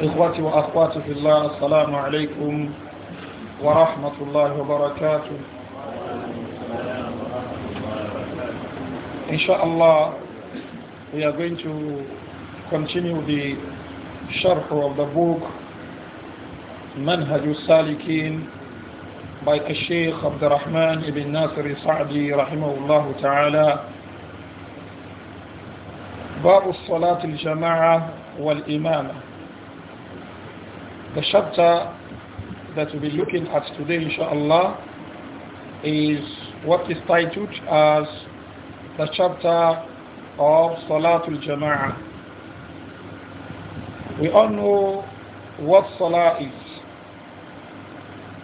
إخواتي وأخواتي في الله السلام عليكم ورحمة الله وبركاته إن شاء الله we are going to continue the sharh of the book منهج السالكين by الشيخ عبد الرحمن بن ناصر السعدي رحمه الله تعالى باب الصلاة الجماعة والإمامة The chapter that we'll be looking at today, inshallah, is what is titled as the chapter of Salatul Jama'ah. We all know what Salah is.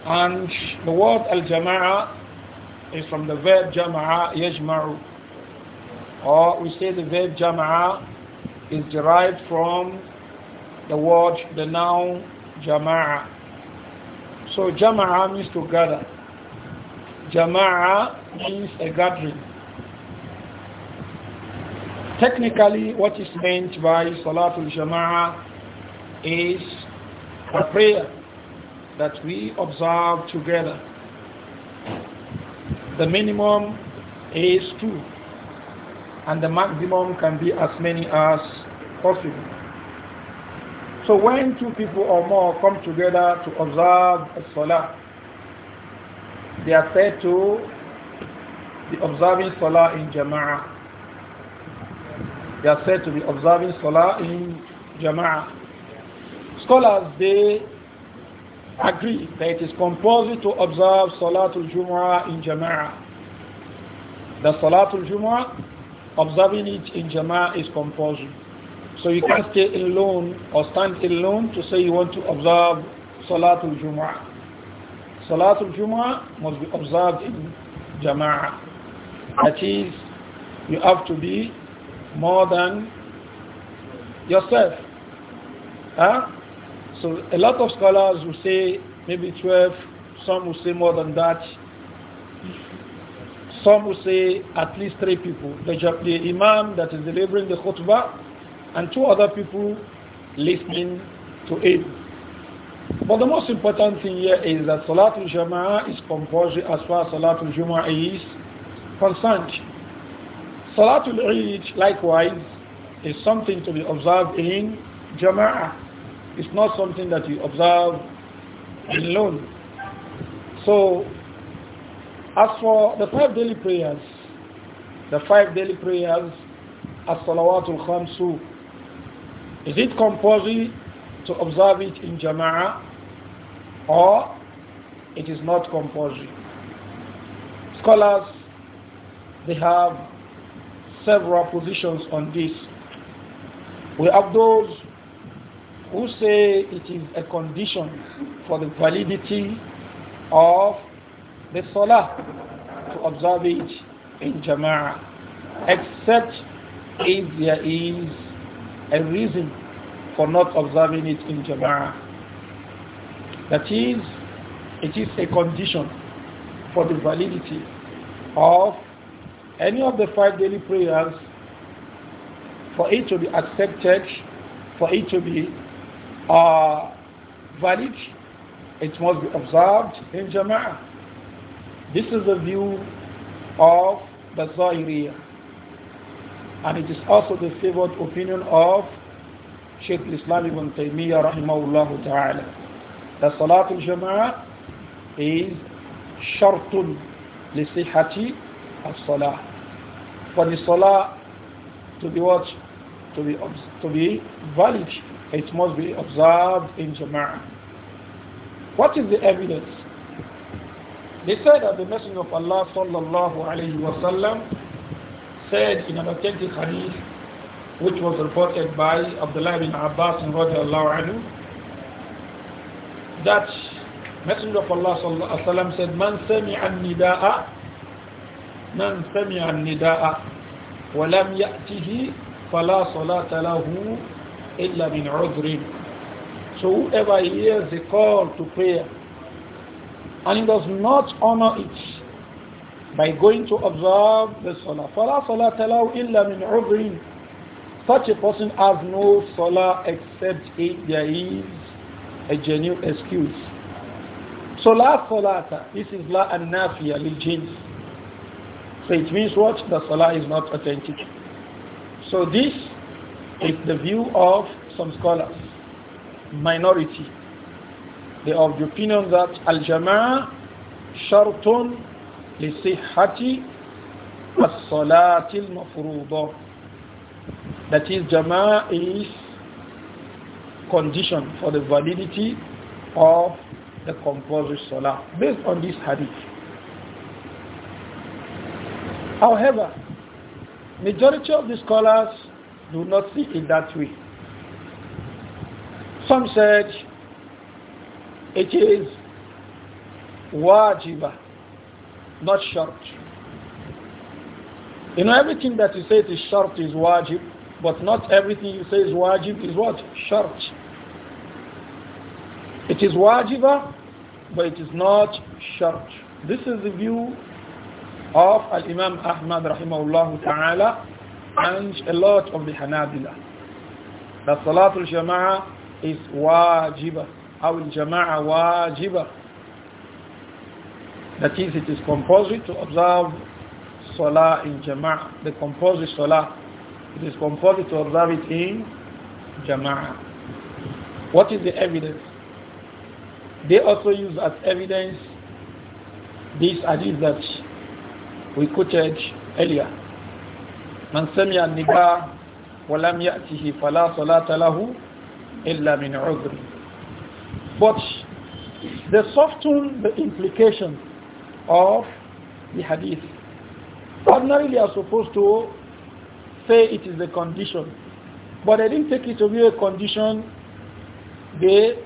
And the word Al-Jama'ah is from the verb Jama'a, Yajma'u. Or we say the verb Jama'a is derived from the word, the noun jama'a. So jama'a means to gather. Jama'a means a gathering. Technically, what is meant by Salatul Jama'a is a prayer that we observe together. The minimum is two, and the maximum can be as many as possible. So when two people or more come together to observe a salah, they are said to be observing salah in jama'ah. They are said to be observing salah in jama'ah. Scholars, they agree that it is compulsory to observe Salatul Jumu'ah in jama'ah. The Salatul Jumu'ah, observing it in jama'ah is compulsory. So you can't stay alone or stand alone to say you want to observe Salatul Jumu'ah. Salatul Jumu'ah must be observed in Jama'ah. That is, you have to be more than yourself. Huh? So a lot of scholars will say maybe 12, some will say more than that. Some will say at least three people. The, the imam that is delivering the khutbah and two other people listening to it. But the most important thing here is that Salatul Jama'ah is compulsory as far as Salatul Jumu'ah is concerned. Salatul Eid, likewise, is something to be observed in Jama'ah. It's not something that you observe alone. So, as for the five daily prayers, the five daily prayers, as-salawatul khamsu, is it compulsory to observe it in Jama'ah or it is not compulsory? Scholars, they have several positions on this. We have those who say it is a condition for the validity of the Salah to observe it in Jama'ah, except if there is a reason for not observing it in Jama'ah. That is, it is a condition for the validity of any of the five daily prayers for it to be accepted, for it to be uh, valid, it must be observed in Jama'ah. This is the view of the Zahiriyah. And it is also the favored opinion of Sheikh Islam ibn Taymiyyah rahimahullah ta'ala. That Salatul Jama'ah is shartun lisihati as-salah. For the salah to be what? To be, to be valid, it must be observed in Jama'ah. What is the evidence? They said that the Messenger of Allah sallallahu alaihi wasallam, said in an authentic hadith which was reported by Abdullah Ibn Abbas anhu, that Messenger of Allah said, "Man sami'a nidaa man sami'a nidaa wa lam ya'tihi fala salata lahu illa min 'udhrin." So whoever hears the call to prayer and he does not honor it by going to observe the salah, فلا صلاة له إلا من عذر such a person has no salah except if there is a genuine excuse. So for salata, this is la annafiya lil So it means what? The salah is not authentic. So this is the view of some scholars, minority. They are of the opinion that al-jama'ah shartun li sihhati as-salati mafrudah that is, Jama is condition for the validity of the compulsory Salah based on this hadith. However, majority of the scholars do not see it that way. Some said it is wajiba, not short. You know, everything that you say is short is wajib. But not everything you say is wajib is what? Shart. It is wajiba, but it is not shart. This is the view of Al-Imam Ahmad rahimahullah ta'ala and a lot of the Hanabila. That Salatul jamaa is wajiba. Our Jama'a wajiba. That is, it is compulsory to observe Salah in Jama'a, the compulsory Salah it is composed to observe it in Jama'ah. What is the evidence? They also use as evidence this hadith that we quoted earlier. من سمع النداء ولم يأته فلا صلاة له إلا من عذر. But they soften the implication of the hadith. Ordinarily, you are supposed to say it is the condition. But they didn't take it to be a condition. They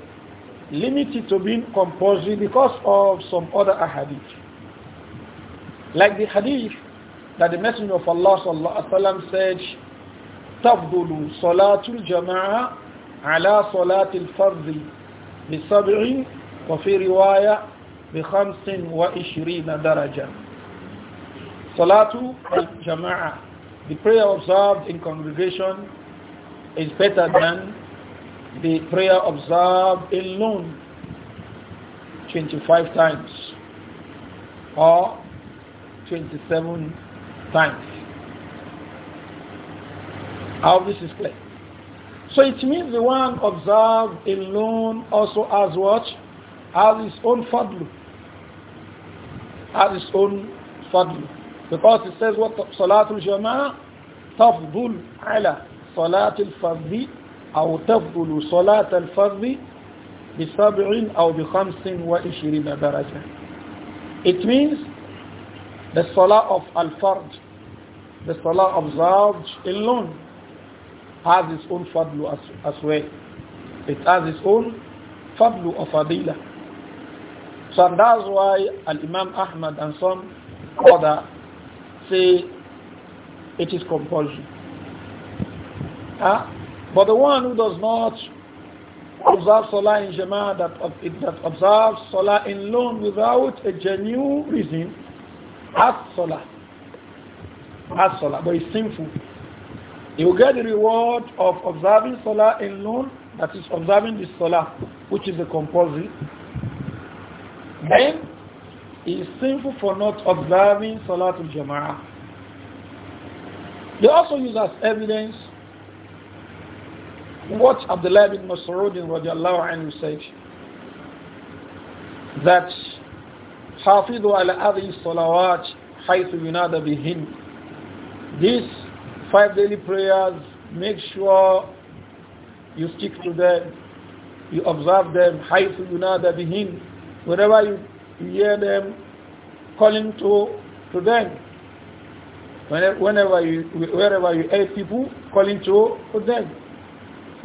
limit it to being compulsory because of some other hadith. Like the hadith that the Messenger of Allah said, "Tabdulu salatul jama'a ala salatil fardhi bi sab'in wa fi riwaya bi khamsin wa ishrina daraja." Salatul jama'a the prayer observed in congregation is better than the prayer observed alone 25 times or 27 times. How this is clear. So it means the one observed alone also has what? Has his own fadlu. Has his own fadlu. Because it says صلاة الجماعة تفضل على صلاة الفرد أو تفضل صلاة الفرد بسبع أو بخمس وعشرين درجة. It means the Salah of Al-Fard, the Salah of Zawj alone has its own fadlu as, as well. It has its own fadlu of fadila. So that's why Al-Imam Ahmad and some other say it is compulsory. Huh? But the one who does not observe Salah in Jama'ah, that, that observes Salah in loan without a genuine reason, has Salah. Has Salah, but it's sinful. He will get the reward of observing Salah in loan, that is observing the Salah, which is a compulsory. Then is sinful for not observing Salatul Jama'ah. They also use as evidence what Abdullah bin Mas'ud radiallahu anhu said that حافظوا ala هذه salawat حيث ينادى بهن These five daily prayers make sure you stick to them you observe them حيث ينادى بهن you you hear them calling to, to them. Whenever you, wherever you hear people calling to, to them,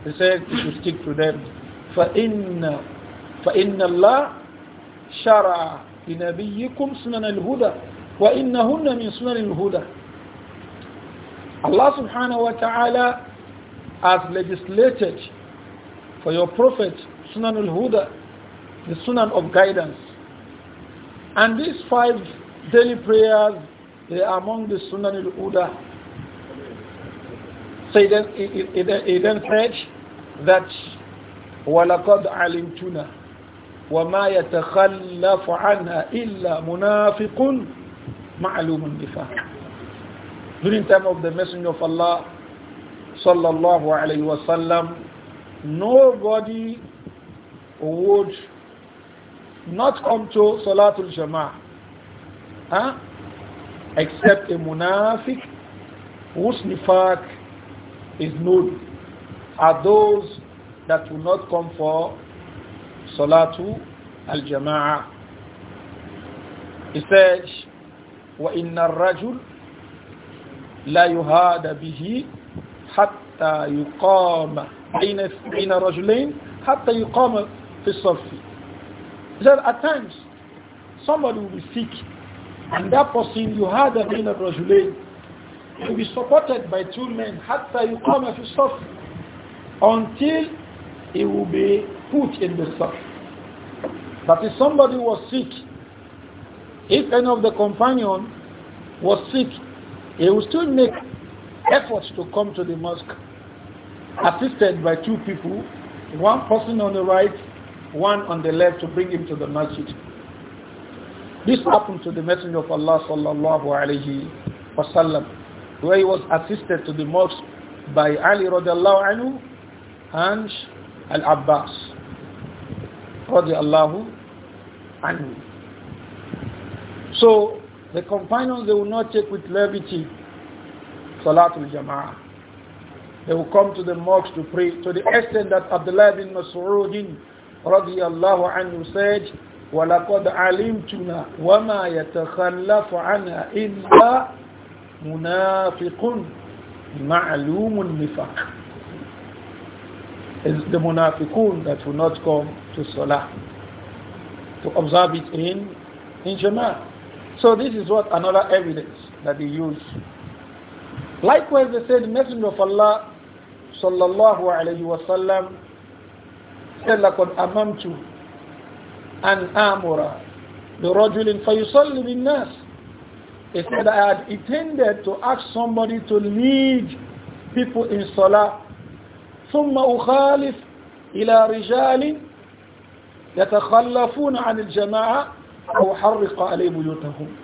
they say you should stick to them. فإن فإن الله شرع لنبيكم سنن الهدى وإنهن من سنن الهدى Allah subhanahu wa ta'ala has legislated for your prophet Sunan al-Huda, the Sunan of guidance. And these five daily prayers, they are among the Sunan al-Uda. So he then, he, he he then said that وَلَقَدْ عَلِمْتُنَا وَمَا يَتَخَلَّفُ عَنْهَا إِلَّا مُنَافِقٌ مَعْلُومٌ نِفَاقٌ During time of the Messenger of Allah sallallahu alayhi wasallam, nobody would not come to Salatul Jama'ah huh? except a munafiq whose nifaq is known are those that will not come for Salatul Al-Jama'ah. He says, وَإِنَّ الرَّجُلَ لَا يُهَادَ بِهِ حَتَّى يُقَامَ بين رجلين حتى يقام في الصف he said, at times, somebody will be sick, and that person, you had a man of Rajulain, will be supported by two men, hatta you come if you stop, until he will be put in the stuff. But if somebody was sick, if any of the companion was sick, he will still make efforts to come to the mosque, assisted by two people, one person on the right one on the left to bring him to the masjid. This happened to the Messenger of Allah sallallahu alayhi wasallam, where he was assisted to the mosque by Ali radiallahu anhu and Al-Abbas radiallahu anhu. So the companions, they will not take with levity Salatul Jama'ah. They will come to the mosque to pray to the extent that Abdullah bin Mas'udin رضي الله عنه said ولقد علمتنا وما يتخلف عنها إلا منافق معلوم النفاق is the munafiqun that will not come to salah to observe it in in jama'ah so this is what another evidence that they use likewise they said messenger of allah sallallahu alayhi wasallam said, لَقَدْ أَمَمْتُ أَنْ آمُرَ لِرَجُلٍ فَيُصَلِّ nas. He said, I had intended to ask somebody to lead people in Salah. ثُمَّ أُخَالِفْ إِلَى رِجَالٍ يَتَخَلَّفُونَ عَنِ الْجَمَاعَةِ أَوْ حَرِّقَ عَلَيْهِ بُيُوتَهُمْ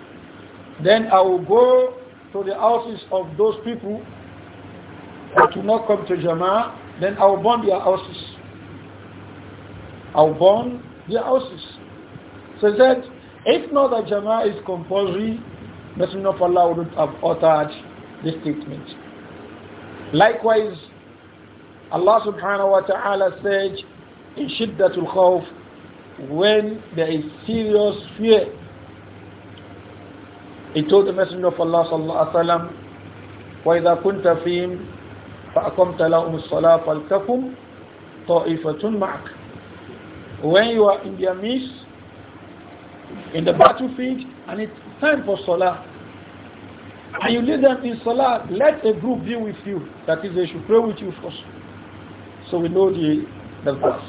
Then I will go to the houses of those people that do not come to jamaa. then I will burn their houses or burn houses. So he said, if not that Jama'ah is compulsory, Messenger of Allah wouldn't have uttered this statement. Likewise, Allah subhanahu wa ta'ala said in Shiddatul Khawf, when there is serious fear, he told the Messenger of Allah sallallahu alaihi wasallam, وإذا فأقمت لهم الصلاة فلتكن طائفة معك when you are in their midst, in the battlefield, and it's time for Salah, and you lead them in Salah, let a group be with you. That is, they should pray with you first. So we know the, the verse.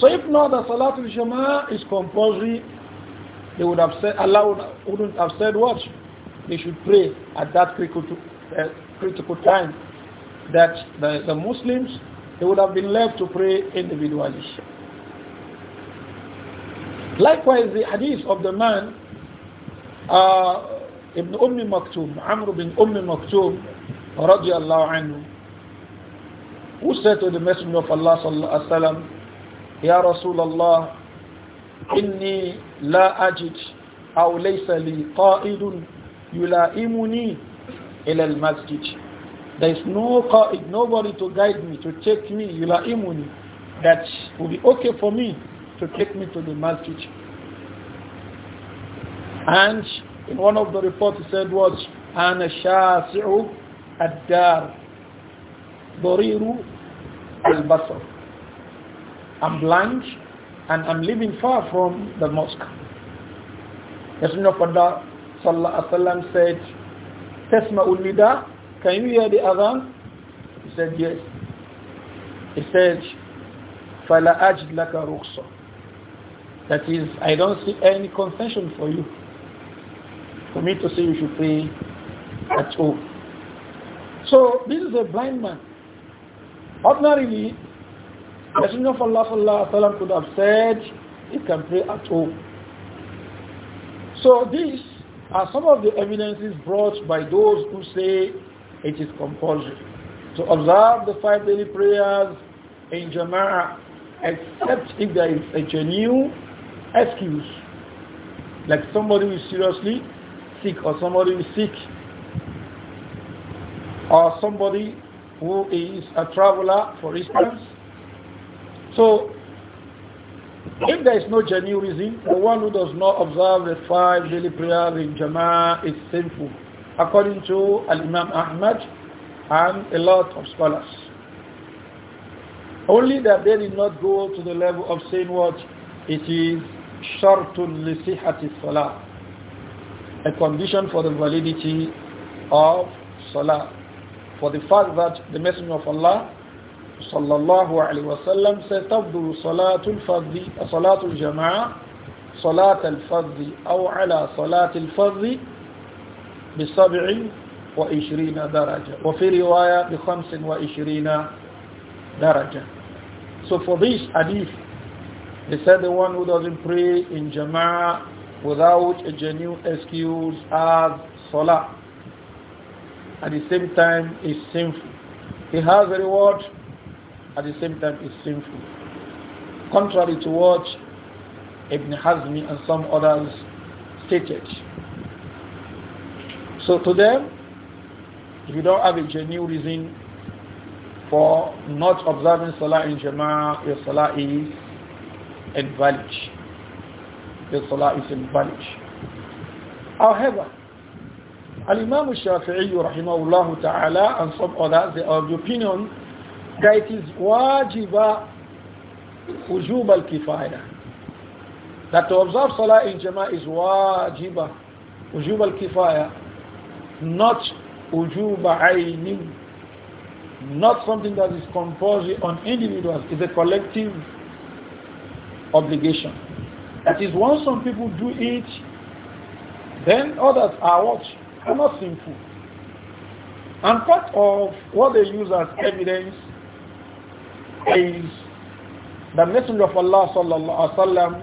So if not, the Salatul Jama'ah is compulsory. They would have said, Allah would, wouldn't have said what? They should pray at that critical, uh, critical time that the, the Muslims, they would have been left to pray individually. Likewise, the hadith of the man, uh, Ibn Ummi Maktoum, Amr bin Ummi Maktoum, radiallahu anhu, who said to the Messenger of Allah sallallahu alaihi wasallam, Ya Rasulullah, إني لا أجد أو ليس لي قائد يلائمني إلى المسجد there is no قائد nobody to guide me, to take me, يلائمني that will be okay for me to take me to the masjid. And in one of the reports he said was what? أنا adar boriru al البصر I'm blind and I'm living far from the mosque. Messenger of Allah sallallahu alaihi wasallam said, "Tesma ulida, can you hear the adhan?" He said, "Yes." He said, "Fala ajid laka rukhsah." That is, I don't see any concession for you. For me to say you should pray at all. So this is a blind man. Ordinarily, Messenger of Allah sallam, could have said he can pray at home. So these are some of the evidences brought by those who say it is compulsory to observe the five daily prayers in Jama'ah except if there is a genuine excuse. Like somebody who is seriously sick or somebody who is sick or somebody who is a traveler, for instance. So, if there is no genuine reason, the one who does not observe the five daily prayers in Jama'ah is sinful, according to Al-Imam Ahmad and a lot of scholars. Only that they did not go to the level of saying what it is shartun li sihhati salah a condition for the validity of salah for the fact that the messenger of Allah sallallahu alaihi wasallam said tabdul salatul fardhi salatul jamaa salatul fardhi aw ala salatul fardhi bi 27 daraja wa fi riwaya bi 25 daraja so for this hadith he said the one who doesn't pray in Jama'ah without a genuine excuse has Salah. At the same time is sinful. He has a reward, at the same time is sinful. Contrary to what Ibn Hazmi and some others stated. So to them, if you don't have a genuine reason for not observing Salah in Jama'ah, your Salah is invalid. The salah is invalid. However, Al-Imam Shafi'i rahimahullah ta'ala and some others, they are of the opinion that it is wajiba wujub al-kifaya. That to observe salah in Jama'ah is wajiba, wujub al-kifaya, not wujub ayni, not something that is compulsory on individuals, it's a collective obligation. That is, once some people do it, then others are what? Are not sinful. And part of what they use as evidence is the Messenger of Allah sallallahu alaihi wasallam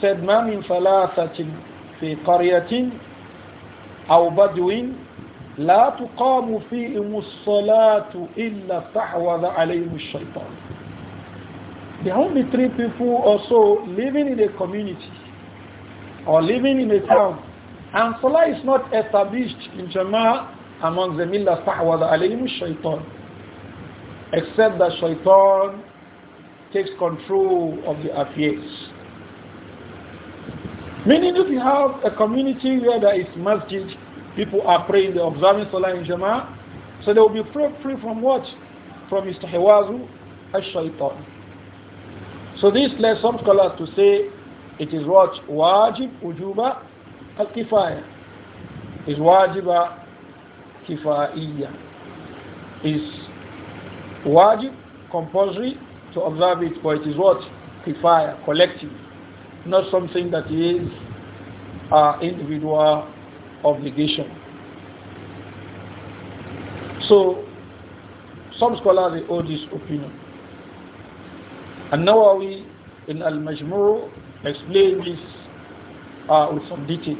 said, "ما من ثلاثة في قرية أو بدو لا تقام فيهم الصلاة إلا استحوذ عليهم الشيطان." There only three people or so living in a community or living in a town. And Salah is not established in Jama'ah among the Millah Stahwada alayhim shaitan. Except that shaitan takes control of the affairs. Meaning if you have a community where there is masjid, people are praying, they're observing Salah in Jama'ah, so they will be free from what? From istihwazu al-shaitan. So this led some scholars to say it is what wajib ujuba al kifaya is wajiba kifaiya is wajib compulsory to observe it but it is what kifaya collective not something that is uh, individual obligation so some scholars they hold this opinion an-Nawawi in Al-Majmu' this uh, with some detail.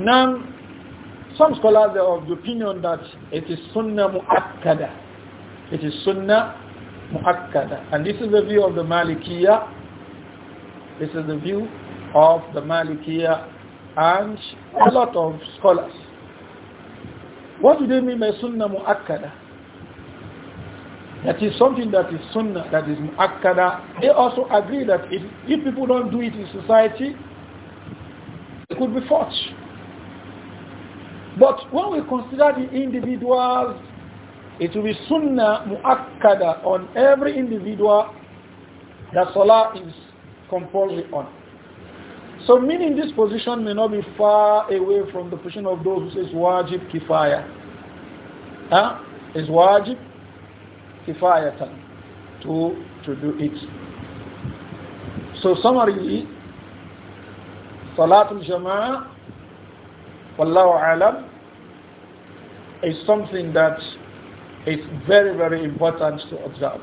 Now, some scholars are of the opinion that it is sunnah mu'akkada. It is sunnah mu'akkada. And this is the view of the Malikiya. This is the view of the Malikiya and a lot of scholars. What do they mean by sunnah mu'akkada? that is something that is sunnah, that is muakkada. They also agree that if, if people don't do it in society, it could be forced. But when we consider the individuals, it will be sunnah muakkada on every individual that salah is compulsory on. So meaning this position may not be far away from the position of those who says wajib kifaya. Huh? Is wajib kifayatan to, to do it. So summary, Salatul Jama'ah, Wallahu Alam, is something that is very, very important to observe.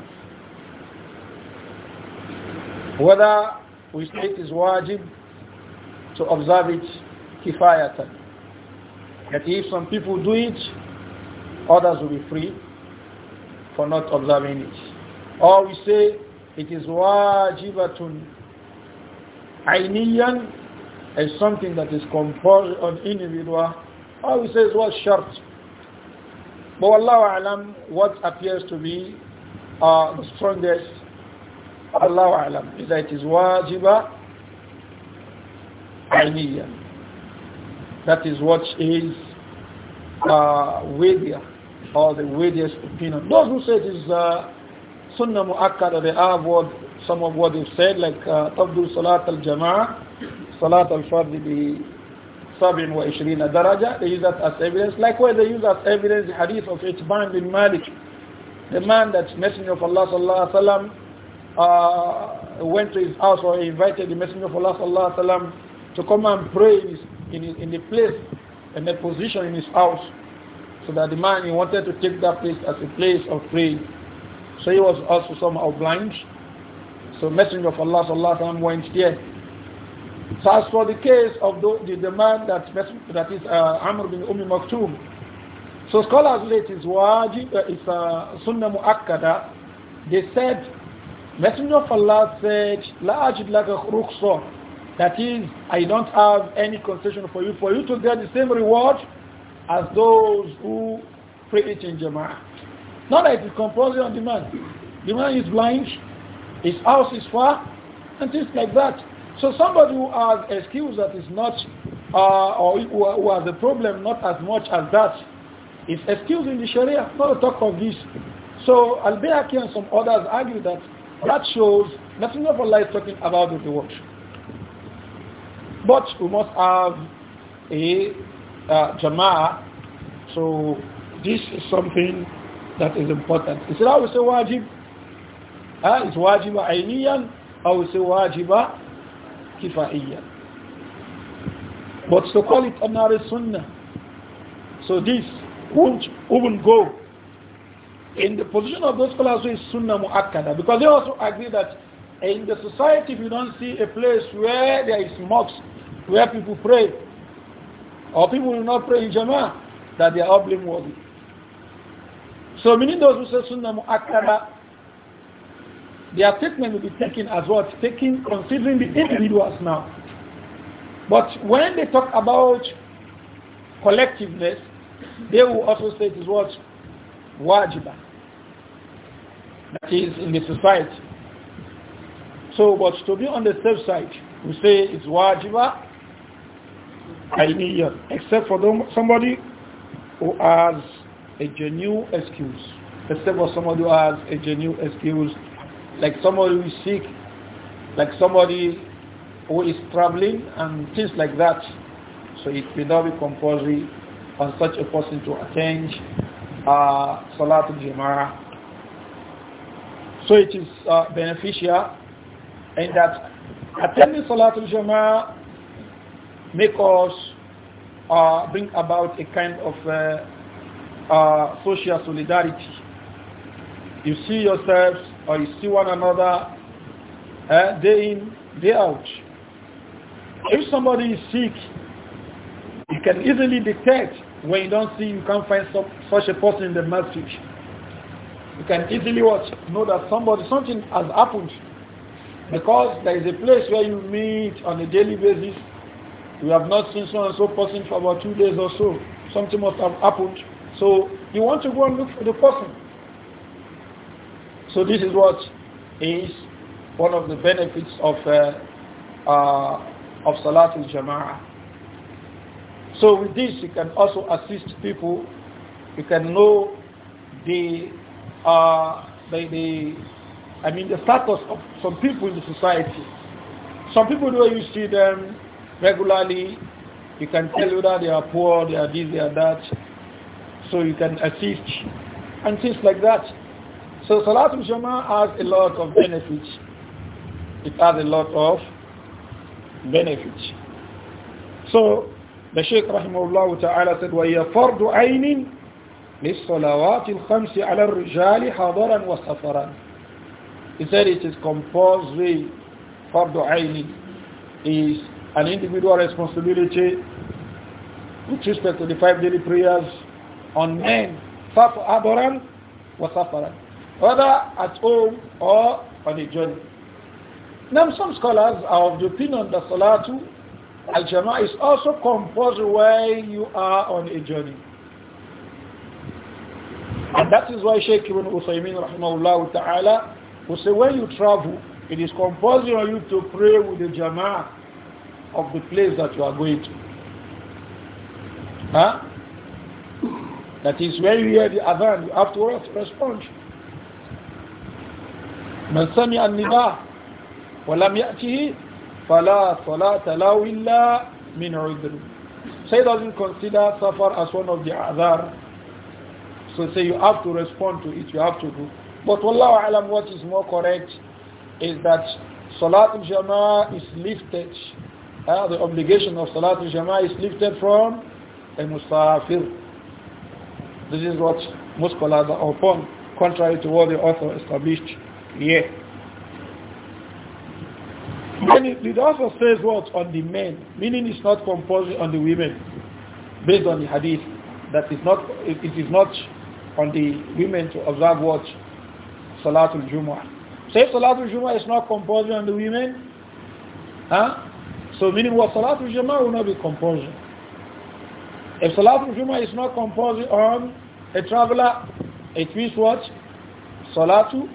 Whether we say it is wajib to observe it kifayatan. That if some people do it, others will be free for not observing it. Or we say it is wajibatun. Ainiyan is something that is composed on individual. Or we say it was short. But Allah alam, what appears to be uh, the strongest, Allah alam, is that it is wajiba ainiyan. That is what is uh, you or the weightiest opinion. Those who say this uh, Sunnah Mu'akkada, they have what, some of what they've said, like uh, Tabdul Salat al-Jama'ah, Salat al-Fardi bi Sabin wa Ishrina Daraja, they use that as evidence. Likewise, they use as evidence the hadith of Itban bin Malik, the man that Messenger of Allah sallallahu alaihi wasallam uh, went to his house or invited the Messenger of Allah sallallahu alaihi wasallam to come and pray in, in, in the place, and the position in his house. So that the man, he wanted to take that place as a place of prayer. So he was also somehow blind. So Messenger of Allah sallallahu alaihi wasallam went there. So as for the case of the, the, the man that, that is uh, Amr bin Umm Maktoum, so scholars late is wajib, uh, is uh, sunnah mu'akkada. They said, Messenger of Allah said, la ajid laka That is, I don't have any concession for you. For you to get the same reward as those who pray it in Jama'ah. Not that it is compulsory on the man. The man is blind, his house is far, and things like that. So somebody who has excuse that is not, uh, or who has a problem not as much as that, is excused in the Sharia, not to talk of this. So al Bayaki and some others argue that that shows nothing of Allah is talking about the watch. But we must have a uh, jama'ah. So this is something that is important. Is it say wajib? Uh, it's wajib ayniyan or it's wajib kifaiyan. But to call it another sunnah. So this won't even go in the position of those scholars who is sunnah mu'akkada because they also agree that in the society if you don't see a place where there is mosque where people pray or people will not pray in Jama'ah, that they are all blameworthy. So many those who say Sunnah Mu'akkada, their statement will be taken as what? Well, taken considering the individuals now. But when they talk about collectiveness, they will also say it is what? Wajiba. That is in the society. So, but to be on the safe side, we say it's wajiba علميا except for them, somebody who has a genuine excuse except for somebody who has a genuine excuse like somebody who is sick like somebody who is traveling and things like that so it will not be compulsory on such a person to attend uh, Salatul Jama'ah so it is uh, beneficial in that attending Salatul Jama'ah make us uh, bring about a kind of uh, uh, social solidarity. You see yourselves or you see one another uh, day in, day out. If somebody is sick, you can easily detect when you don't see, you can't find so, such a person in the message. You can easily watch, know that somebody, something has happened. Because there is a place where you meet on a daily basis we have not seen so and so person for about two days or so. Something must have happened. So you want to go and look for the person. So this is what is one of the benefits of uh, uh, of Salatul Jama'ah. So with this you can also assist people. You can know the uh, the, the I mean the status of some people in the society. Some people the way you see them regularly. You can tell whether they are poor, they are this, they are that. So you can assist and things like that. So Salatul Jama'ah has a lot of benefits. It has a lot of benefits. So the Shaykh Rahimahullah Ta'ala said, وَهِيَ فَرْضُ عَيْنٍ لِلصَّلَوَاتِ الْخَمْسِ عَلَى الرِّجَالِ حَضَرًا وَسَفَرًا He said it is compulsory, فَرْضُ عَيْنٍ is an individual responsibility with respect to the five daily prayers on men, Adoran or Safaran, whether at home or on a journey. Now, some scholars are of the opinion that Salatu al Jama'ah is also compulsory while you are on a journey. And that is why Sheikh Ibn Uthaymeen rahimahullah ta'ala will say when you travel, it is compulsory on you to pray with the Jama'ah of the place that you are going to. Huh? That is where you hear the adhan, you have to respond. من سمع النداء ولم يأته فلا صلاة له إلا من عذر. Say doesn't consider suffer as one of the adhan. So say you have to respond to it, you have to do. But Wallahu alam, what is more correct is that Salat al-Jama'ah is lifted uh, the obligation of Salatul Jama'ah is lifted from a Musafir. This is what most scholars upon, contrary to what the author established here. Then it also says what? On the men, meaning it's not compulsory on the women, based on the hadith, that is not, it, it is not on the women to observe what? Salatul Jumu'ah. Say Salatul Jumu'ah is not compulsory on the women, huh? So meaning what Salatul Jama will not be compulsory. If Salatul Juma is not compulsory on a traveler, it means what? Salatul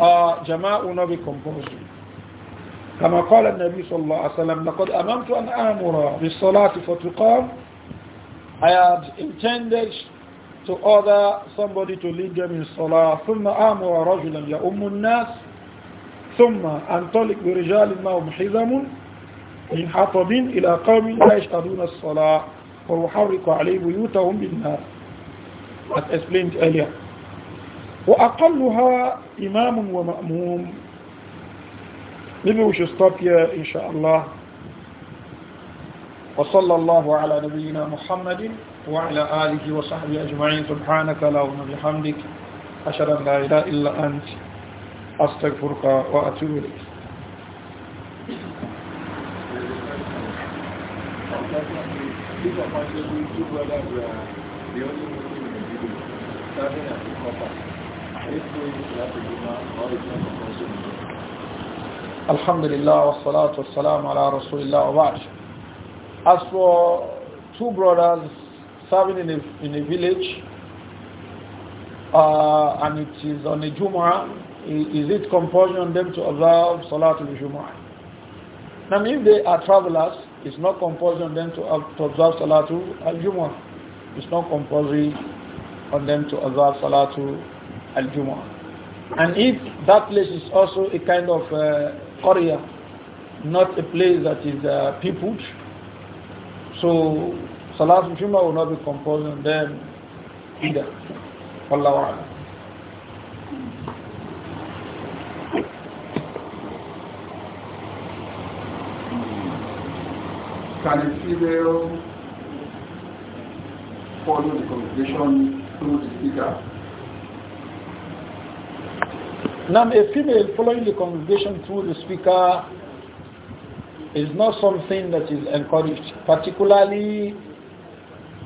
uh, Jama will not be compulsory. كما قال النبي صلى الله عليه وسلم لقد أممت أن آمر بالصلاة فتقام I had intended to order somebody to lead them in salah ثم آمر رجلا يؤم الناس ثم أنطلق برجال معهم حزم من حطب إلى قوم لا يشهدون الصلاة ويحرق عليه بيوتهم بالنار as explained earlier وأقلها إمام ومأموم maybe we should stop here الله. وصلى الله على نبينا محمد وعلى آله وصحبه أجمعين سبحانك اللهم بحمدك أشهد أن لا إله إلا أنت أستغفرك وأتوب إليك Alhamdulillah, this unfortunately, two brothers were the only serving as for two brothers serving in a, in a village uh, and it is on a Jumu'ah, is it compulsion on them to observe al Jumu'ah? Now if they are travelers it's not compulsory on them to, to observe Salatu Al-Jumu'ah. It's not compulsory on them to observe Salatu Al-Jumu'ah. And if that place is also a kind of uh, area, not a place that is uh, peopled, so Salatul Jumu'ah will not be compulsory on them either. Wallahu can a female follow the congregation through the speaker? Now, a female following the congregation through the speaker is not something that is encouraged, particularly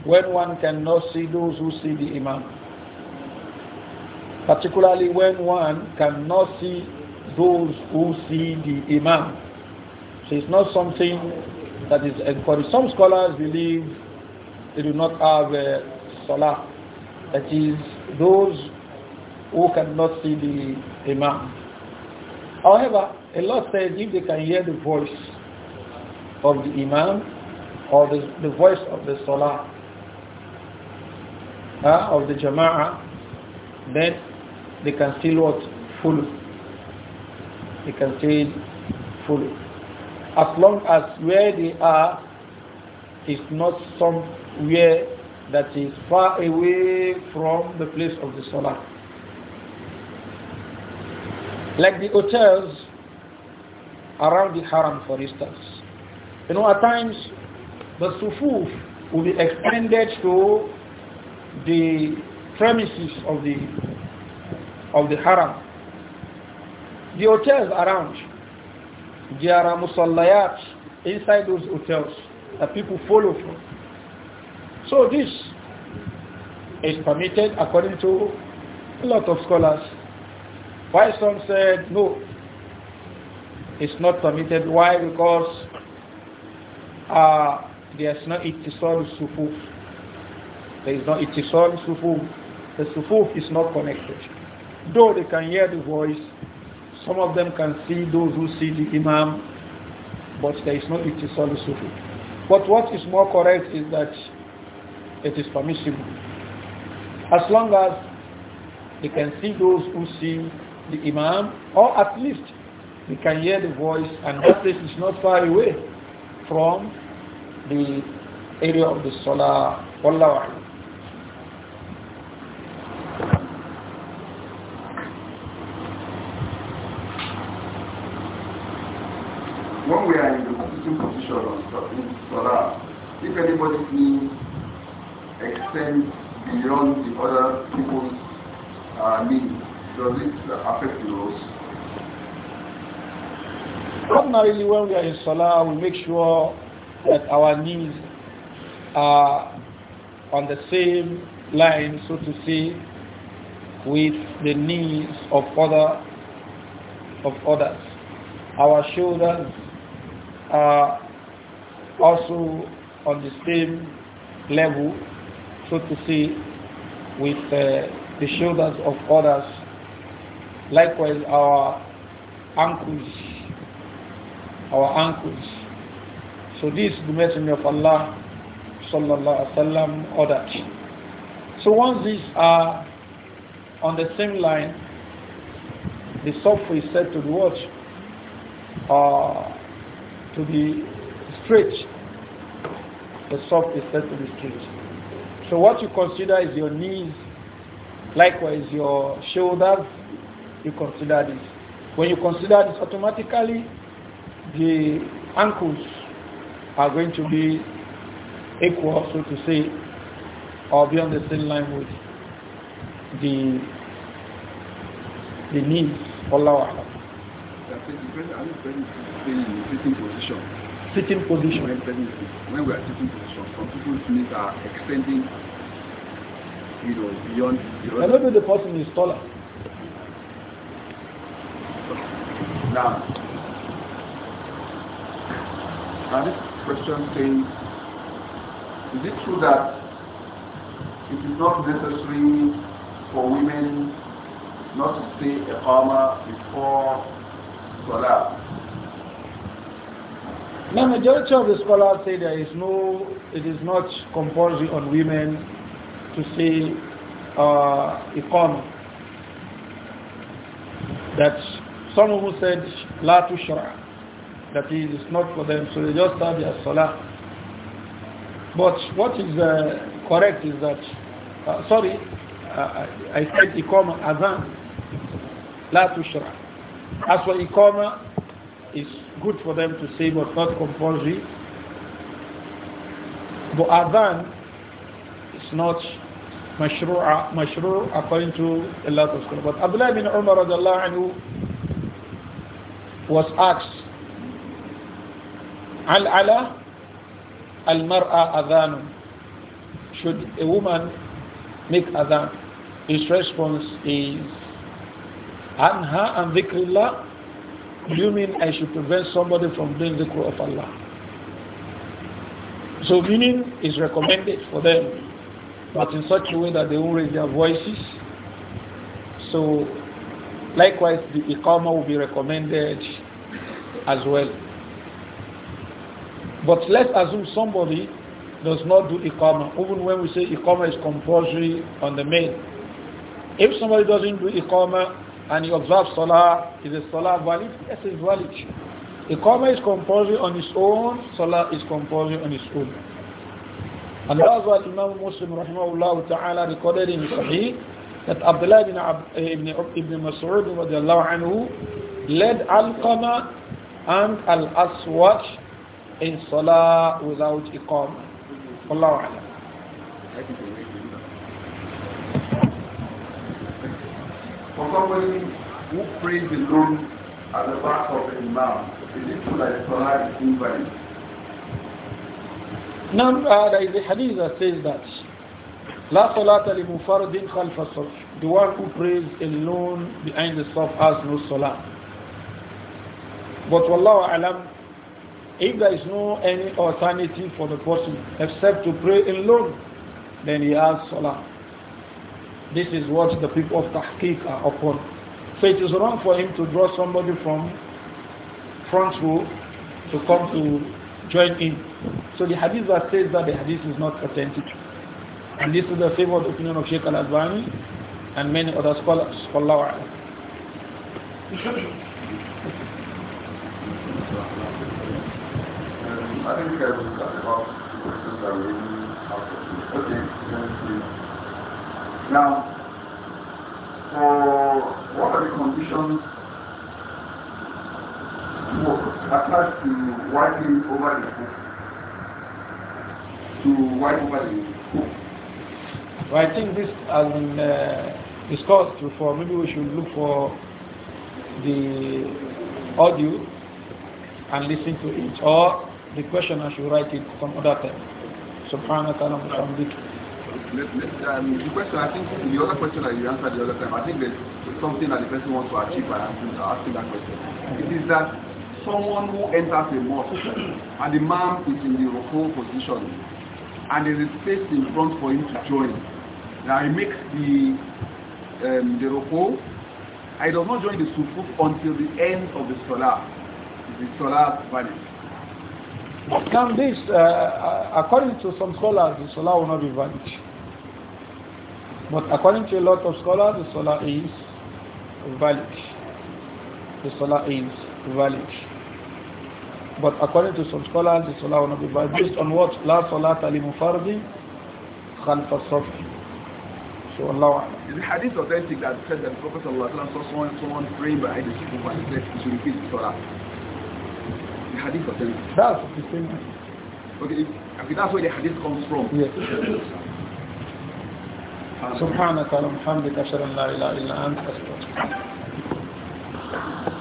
when one cannot see those who see the imam. Particularly when one cannot see those who see the imam. So it's not something that is, for some scholars believe they do not have a uh, salah. That is, those who cannot see the imam. However, Allah says if they can hear the voice of the imam or the, the voice of the salah uh, of the jama'ah, then they can still what? Full. They can still full as long as where they are is not somewhere that is far away from the place of the salah. Like the hotels around the haram, for instance. You know, at times the sufuf will be extended to the premises of the of the haram. The hotels around there are musallayat inside those hotels that people follow from. So this is permitted according to a lot of scholars. Why some said no, it's not permitted. Why? Because uh, there's no itisal sufuf. There is no itisal sufuf. The sufuf is not connected. Though they can hear the voice, some of them can see those who see the Imam, but there is no Ittisal Sufi. But what is more correct is that it is permissible. As long as they can see those who see the Imam, or at least they can hear the voice, and that place is not far away from the area of the Salah. Wallahu means extend beyond the other people's uh, needs? Does it uh, affect yours? Ordinarily, when we are in Salah, we make sure that our needs are on the same line, so to say, with the needs of other of others. Our shoulders are also on the same level, so to say, with uh, the shoulders of others. Likewise, our ankles, our ankles. So this is the Messenger of Allah, sallallahu alaihi wasallam, ordered. So once these are on the same line, the sofa is said to the watch Uh, to be stretched. The soft is said to be straight. So what you consider is your knees, likewise your shoulders, you consider this. When you consider this automatically, the ankles are going to be equal, so to say, or be on the same line with the the knees. Allah. That's it. The on I position sitting position. When we are sitting position, some people's knees are extending, you know, beyond. beyond and maybe the person is taller. Now, now this question says, is it true that it is not necessary for women not to say a farmer before Salah now, majority of the scholars say there is no, it is not compulsory on women to say uh, That some who said la tushra, that it is not for them, so they just have their salah. But what is uh, correct is that, uh, sorry, uh, I said iqam azan, la tushra. As for iqama, it's good for them to say but not compulsory. But adhan is not mashru', according to a lot of scholars. But Abdullah bin Umar anhu was asked, Al ala al mar'a adhan. Should a woman make adhan? His response is, Anha an dhikrillah do you mean I should prevent somebody from doing the zikr of Allah? So meaning is recommended for them, but in such a way that they will raise their voices. So likewise, the iqamah will be recommended as well. But let's assume somebody does not do iqamah, even when we say iqamah is compulsory on the male. If somebody doesn't do iqamah, and he observes Salah, is a Salah valid? Yes, it's valid. A Qama is compulsory on his own, Salah is compulsory on his own. And that's what Imam Muslim rahimahullah ta'ala recorded in Sahih that Abdullah ibn, Ab, eh, ibn, ibn Mas'ud anhu led Al-Qama and Al-Aswat in Salah without Iqam. Allahu Alam. somebody who prays alone at the back of the imam? Is it true that Salah is invalid? No, uh, there is a hadith that says that لا صلاة لمفرد خلف الصف. The one who prays alone behind the staff has no salah. But wallahu alam, if there is no any alternative for the person except to pray alone, then he has salah. This is what the people of Tahqiq are upon. So it is wrong for him to draw somebody from front row to come to join in. So the hadith that says that the hadith is not authentic. And this is the favored opinion of Sheikh al-Albani and many other scholars. Um, I think I about the that we have to now, for what are the conditions attached to wiping over the book? To wipe over the book? Well, I think this has been uh, discussed before. Maybe we should look for the audio and listen to it. Or the question I should write it some other time. سبحانك اللهم وبحمدك um, the question, I think the other question that you answered the other time, I think there's something that the person wants to achieve by asking, asking that question. It is that someone who enters a mosque and the man is in the whole position and there is space in front for him to join. Now he makes the um, the ruku. I does not join the sufuk until the end of the salah. The salah vanishes. Now this, uh, uh, according to some scholars, the salah will not be valid. But according to a lot of scholars, the salah is valid. The salah is valid. But according to some scholars, the salah will not be valid. Based on what? La salat ali mufardi khalfa safi. So Allah. Is the hadith authentic that said that Prophet saw someone, someone praying behind the people and said he should repeat the salah? hadith of them? That's the same. Okay, okay, that's where the hadith comes from. Yes. سبحانك اللهم وبحمدك اشهد ان لا اله الا انت استغفرك